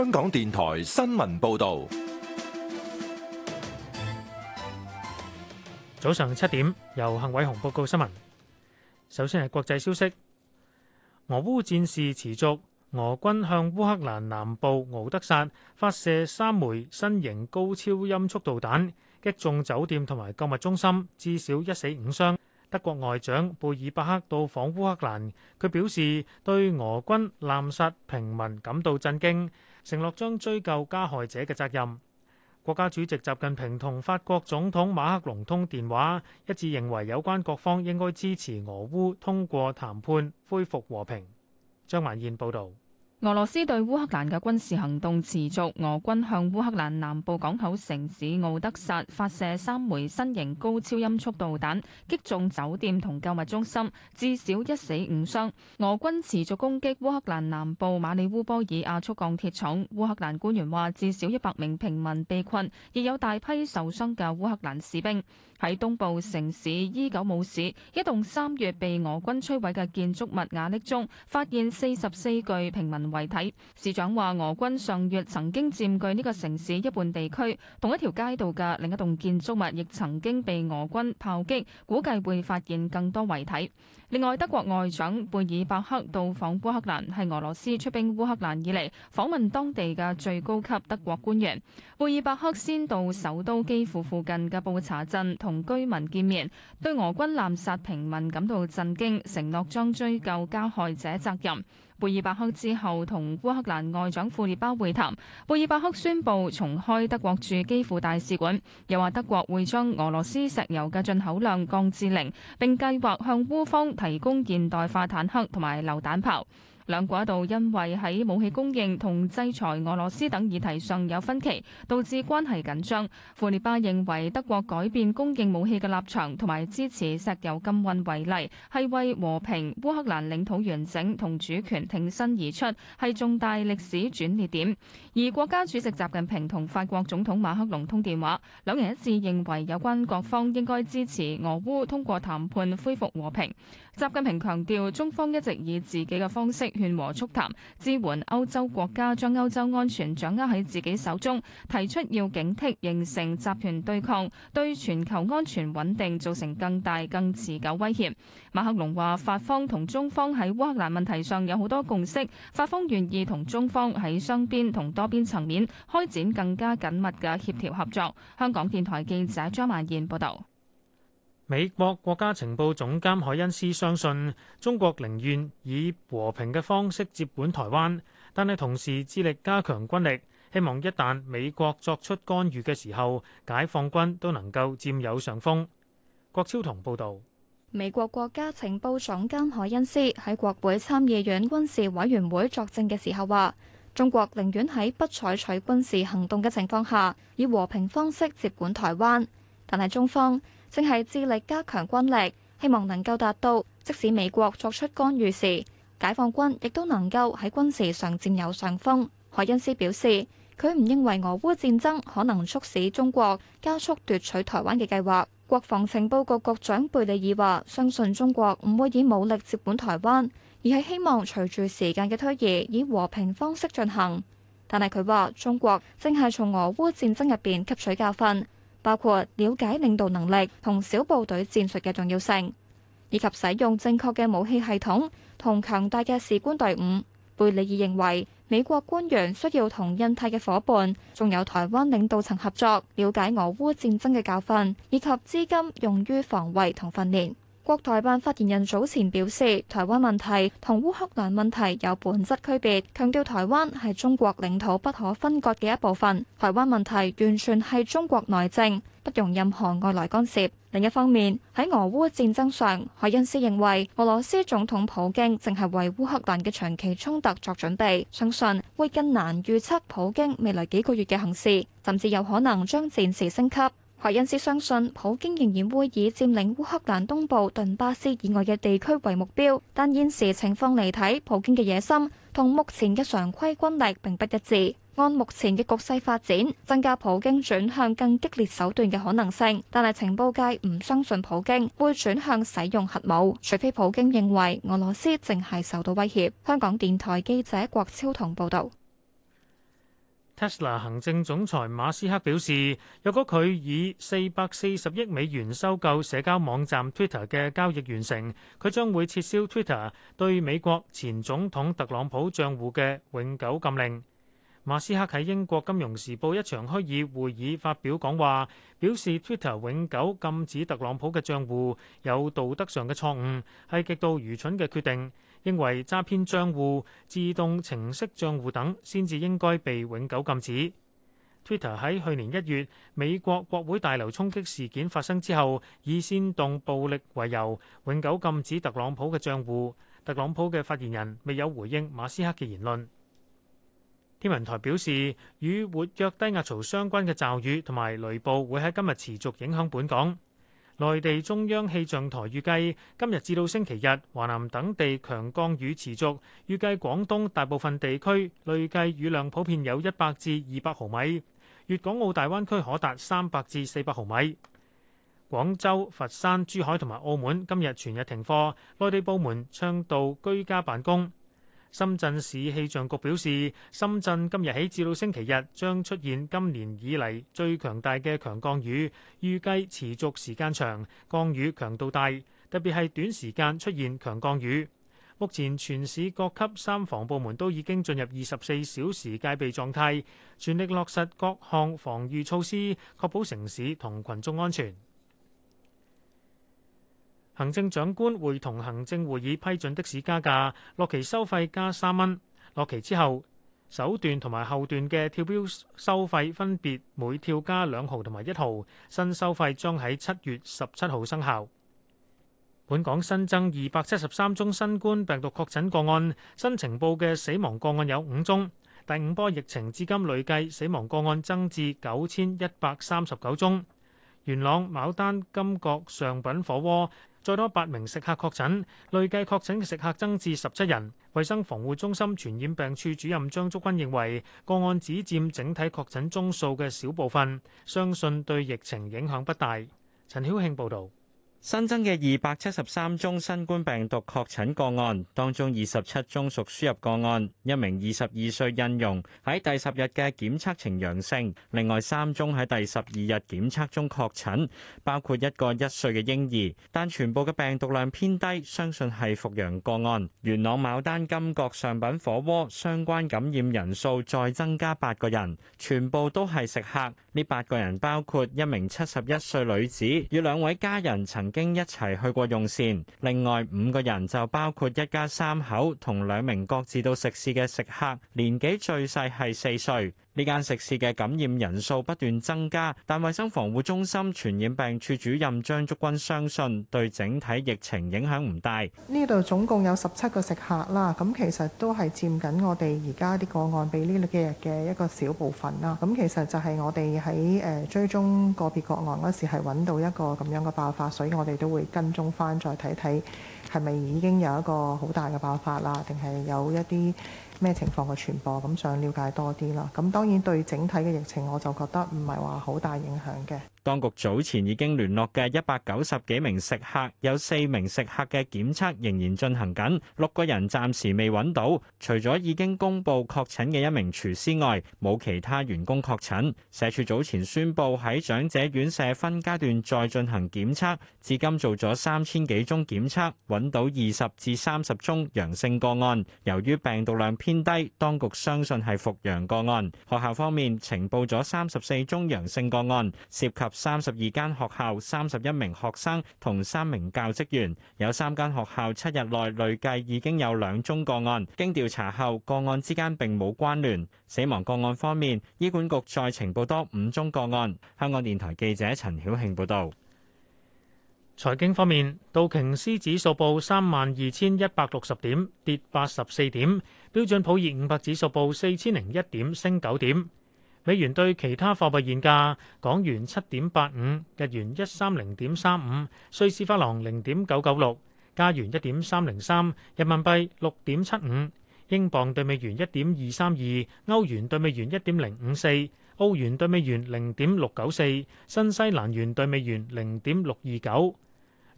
香港電台新聞報道，早上七點由幸偉雄報告新聞。首先係國際消息，俄烏戰事持續，俄軍向烏克蘭南部敖德薩發射三枚新型高超音速導彈，擊中酒店同埋購物中心，至少一死五傷。德國外長貝爾伯克到訪烏克蘭，佢表示對俄軍濫殺平民感到震驚。承諾將追究加害者嘅責任。國家主席習近平同法國總統馬克龍通電話，一致認為有關各方應該支持俄烏通過談判恢復和平。張萬燕報導。俄羅斯對烏克蘭嘅軍事行動持續，俄軍向烏克蘭南部港口城市敖德薩發射三枚新型高超音速導彈，擊中酒店同購物中心，至少一死五傷。俄軍持續攻擊烏克蘭南部馬里烏波爾亞速鋼鐵廠。烏克蘭官員話，至少一百名平民被困，亦有大批受傷嘅烏克蘭士兵。喺東部城市伊久姆市一棟三月被俄軍摧毀嘅建築物瓦礫中，發現四十四具平民遺體。市長話俄軍上月曾經佔據呢個城市一半地區，同一條街道嘅另一棟建築物亦曾經被俄軍炮擊，估計會發現更多遺體。另外，德國外長貝爾伯克到訪烏克蘭，係俄羅斯出兵烏克蘭以嚟訪問當地嘅最高級德國官員。貝爾伯克先到首都基輔附近嘅布查鎮同居民見面，對俄軍濫殺平民感到震驚，承諾將追究加害者責任。貝爾伯克之後同烏克蘭外長庫列巴會談，貝爾伯克宣布重開德國駐基輔大使館，又話德國會將俄羅斯石油嘅進口量降至零，並計劃向烏方提供現代化坦克同埋榴彈炮。兩國一度因為喺武器供應同制裁俄羅斯等議題上有分歧，導致關係緊張。庫列巴認為德國改變供應武器嘅立場同埋支持石油禁運為例，係為和平、烏克蘭領土完整同主權挺身而出，係重大歷史轉捩點。而國家主席習近平同法國總統馬克龍通電話，兩人一致認為有關各方應該支持俄烏通過談判恢復和平。習近平強調，中方一直以自己嘅方式勸和促談，支援歐洲國家將歐洲安全掌握喺自己手中。提出要警惕形成集團對抗，對全球安全穩定造成更大、更持久威脅。馬克龍話，法方同中方喺烏克蘭問題上有好多共識，法方願意同中方喺雙邊同多邊層面開展更加緊密嘅協調合作。香港電台記者張曼燕報道。美國國家情報總監海恩斯相信，中國寧願以和平嘅方式接管台灣，但係同時致力加強軍力，希望一旦美國作出干預嘅時候，解放軍都能夠佔有上風。郭超同報導，美國國家情報總監海恩斯喺國會參議院軍事委員會作證嘅時候話，中國寧願喺不採取軍事行動嘅情況下，以和平方式接管台灣，但係中方，正係致力加強軍力，希望能夠達到，即使美國作出干預時，解放軍亦都能夠喺軍事上佔有上風。海恩斯表示，佢唔認為俄烏戰爭可能促使中國加速奪取台灣嘅計劃。國防情報局局長貝利爾話：相信中國唔會以武力接管台灣，而係希望隨住時間嘅推移，以和平方式進行。但係佢話，中國正係從俄烏戰爭入邊吸取教訓。包括了解領導能力同小部隊戰術嘅重要性，以及使用正確嘅武器系統同強大嘅士官隊伍。貝利爾認為美國官員需要同印太嘅夥伴，仲有台灣領導層合作，了解俄烏戰爭嘅教訓，以及資金用於防衛同訓練。國台辦發言人早前表示，台灣問題同烏克蘭問題有本質區別，強調台灣係中國領土不可分割嘅一部分，台灣問題完全係中國內政，不容任何外來干涉。另一方面，喺俄烏戰爭上，海恩斯認為俄羅斯總統普京正係為烏克蘭嘅長期衝突作準備，相信會更難預測普京未來幾個月嘅行事，甚至有可能將戰事升級。海恩斯相信普京仍然會以佔領烏克蘭東部頓巴斯以外嘅地區為目標，但現時情況嚟睇，普京嘅野心同目前嘅常規軍力並不一致。按目前嘅局勢發展，增加普京轉向更激烈手段嘅可能性，但係情報界唔相信普京會轉向使用核武，除非普京認為俄羅斯淨係受到威脅。香港電台記者郭超同報道。Tesla 行政總裁馬斯克表示，若果佢以四百四十億美元收購社交網站 Twitter 嘅交易完成，佢將會撤銷 Twitter 對美國前總統特朗普賬戶嘅永久禁令。馬斯克喺英國《金融時報》一場虛擬會議發表講話，表示 Twitter 永久禁止特朗普嘅賬戶有道德上嘅錯誤，係極度愚蠢嘅決定。認為詐騙賬戶、自動程式賬戶等先至應該被永久禁止。Twitter 喺去年一月美國國會大樓衝擊事件發生之後，以煽動暴力為由永久禁止特朗普嘅賬戶。特朗普嘅發言人未有回應馬斯克嘅言論。天文台表示，與活躍低壓槽相關嘅驟雨同埋雷暴會喺今日持續影響本港。內地中央氣象台預計今日至到星期日，華南等地強降雨持續。預計廣東大部分地區累計雨量普遍有一百至二百毫米，粵港澳大灣區可達三百至四百毫米。廣州、佛山、珠海同埋澳門今日全日停課，內地部門倡導居家辦公。深圳市氣象局表示，深圳今日起至到星期日將出現今年以嚟最強大嘅強降雨，預計持續時間長，降雨強度大，特別係短時間出現強降雨。目前全市各級三防部門都已經進入二十四小時戒備狀態，全力落實各項防禦措施，確保城市同群眾安全。行政長官會同行政會議批准的士加價，落期收費加三蚊。落期之後，首段同埋後段嘅跳標收費分別每跳加兩毫同埋一毫。新收費將喺七月十七號生效。本港新增二百七十三宗新冠病毒確診個案，新呈報嘅死亡個案有五宗。第五波疫情至今累計死亡個案增至九千一百三十九宗。元朗牡丹金閣上品火鍋，再多八名食客確診，累計確診食客增至十七人。衛生防護中心傳染病處主任張竹君認為，個案只佔整體確診宗數嘅小部分，相信對疫情影響不大。陳曉慶報導。新增嘅二百七十三宗新冠病毒確診個案，當中二十七宗屬輸入個案，一名二十二歲印傭喺第十日嘅檢測呈陽性，另外三宗喺第十二日檢測中確診，包括一個一歲嘅嬰兒，但全部嘅病毒量偏低，相信係復陽個案。元朗牡丹金閣上品火鍋相關感染人數再增加八個人，全部都係食客。呢八個人包括一名七十一歲女子與兩位家人曾。曾經一齊去過用膳，另外五個人就包括一家三口同兩名各自到食肆嘅食客，年紀最細係四歲。呢間食肆嘅感染人數不斷增加，但衞生防護中心傳染病處主任張竹君相信對整體疫情影響唔大。呢度總共有十七個食客啦，咁其實都係佔緊我哋而家啲個案比呢幾日嘅一個小部分啦。咁其實就係我哋喺誒追蹤個別個案嗰時係揾到一個咁樣嘅爆發，所以我哋都會跟蹤返，再睇睇係咪已經有一個好大嘅爆發啦，定係有一啲。咩情況嘅傳播，咁想了解多啲啦。咁當然對整體嘅疫情，我就覺得唔係話好大影響嘅。當局早前已經聯絡嘅一百九十幾名食客，有四名食客嘅檢測仍然進行緊，六個人暫時未揾到。除咗已經公布確診嘅一名廚師外，冇其他員工確診。社署早前宣布喺長者院舍分階段再進行檢測，至今做咗三千幾宗檢測，揾到二十至三十宗陽性個案。由於病毒量偏低，當局相信係復陽個案。學校方面呈報咗三十四宗陽性個案，涉及三十二間學校，三十一名學生同三名教職員，有三間學校七日內累計已經有兩宗個案。經調查後，個案之間並冇關聯。死亡個案方面，醫管局再呈報多五宗個案。香港電台記者陳曉慶報道。財經方面，道瓊斯指數報三萬二千一百六十點，跌八十四點；標準普爾五百指數報四千零一點，升九點。美元兌其他貨幣現價：港元七點八五，日元一三零點三五，瑞士法郎零點九九六，加元一點三零三，人民幣六點七五，英鎊對美元一點二三二，歐元對美元一點零五四，澳元對美元零點六九四，新西蘭元對美元零點六二九。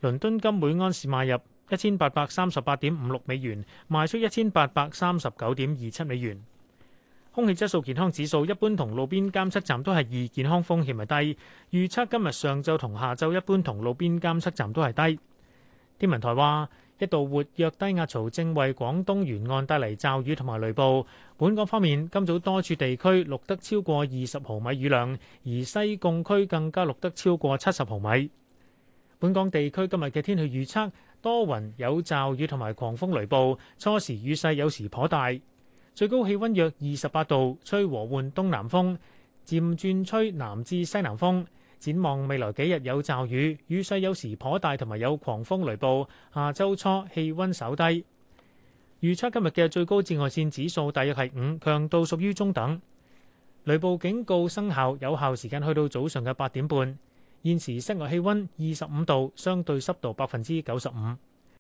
倫敦金每安士買入一千八百三十八點五六美元，賣出一千八百三十九點二七美元。空氣質素健康指數一般同路邊監測站都係以健康風險為低，預測今日上晝同下晝一般同路邊監測站都係低。天文台話，一度活躍低壓槽正為廣東沿岸帶嚟驟雨同埋雷暴。本港方面，今早多處地區錄得超過二十毫米雨量，而西貢區更加錄得超過七十毫米。本港地區今日嘅天氣預測，多雲有驟雨同埋狂風雷暴，初時雨勢有時頗大。最高氣温約二十八度，吹和緩東南風，漸轉吹南至西南風。展望未來幾日有驟雨，雨勢有時頗大，同埋有狂風雷暴。下周初氣温稍低。預測今日嘅最高紫外線指數大約係五，強度屬於中等。雷暴警告生效，有效時間去到早上嘅八點半。現時室外氣温二十五度，相對濕度百分之九十五。